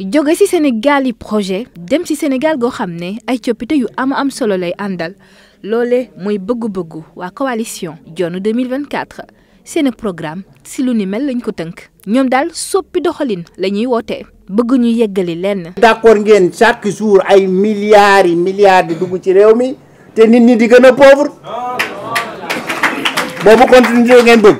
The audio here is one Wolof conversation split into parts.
jóge ci Sénégal yi projet dem ci Sénégal goo xam ne ay coppite yu am am solo lay àndal loole mooy bëggu-bëggu waa coalition Dionne 2024 seen programme si lu ni mel lañ ko tënk ñoom daal soppi doxalin la ñuy wootee bëgg ñu yeggali lenn. d'accord ngeen chaque jour ay milliards yi milliards di dugg ci réew mi te nit ñi di gën a pauvre boobu continuer ngeen bëgg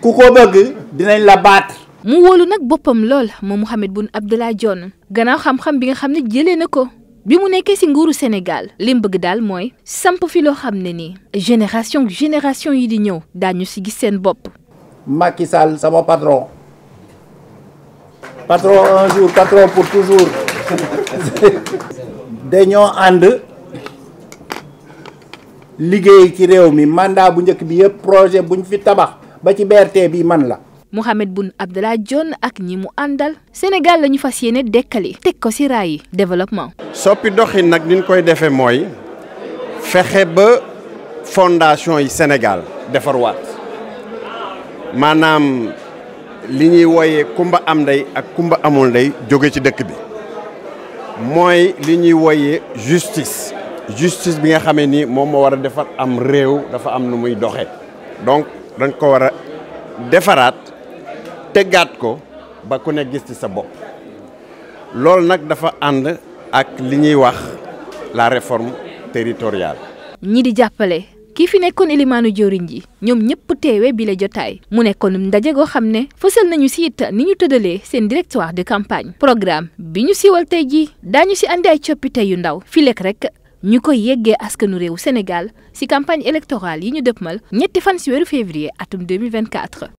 ku ko bëgg dinañ la baat. mu wóolu nag boppam lool moom Mahammed Boun Abdallah Dionne gannaaw xam-xam bi nga xam ne jëlee na ko bi mu nekkee si nguuru Sénégal li mu bëgg daal mooy samp fi loo xam ne nii génération génération yi di ñëw ñu si gis seen bopp. Macky Sall sama patron patron un jour patron pour toujours dañoo ànd liggéey ci réew mi mandat bu njëkk bi yëpp projet buñ fi tabax ba ci BRT bi man la. Mohamed Boun Abdallah Dionne ak ñi mu àndal Sénégal la ñu fas yéene dekkali teg ko ci raay yi développement. soppi doxin nag ni ñu koy defee mooy fexe ba fondation yi Sénégal defarwaat maanaam li ñuy woye kumba am ndey ak kumba amul ndey jóge ci dëkk bi mooy li ñuy woye justice. justice bi nga xamee ni moom moo war a defar am réew dafa am nu muy doxee donc dañ ko war a defaraat tëggaat ko ba ku ne gis ci sa bopp loolu nag dafa ànd ak li ñuy wax la réforme territoriale. ñii di jàppale kii fi nekkoon élimaanu jëwriñ ji ñoom ñëpp teewe bi la jotaay mu nekkoon ndaje goo xam ne fësal nañu si it ni ñu tëddalee seen directoire de campagne programme bi ñu siiwal tey jii daañu si andi ay coppite yu ndaw fi lekk rek ñu koy yeggee askanu réew Sénégal si campagne électorale yi ñu dëppmal ñetti fan si weeru février atum 2024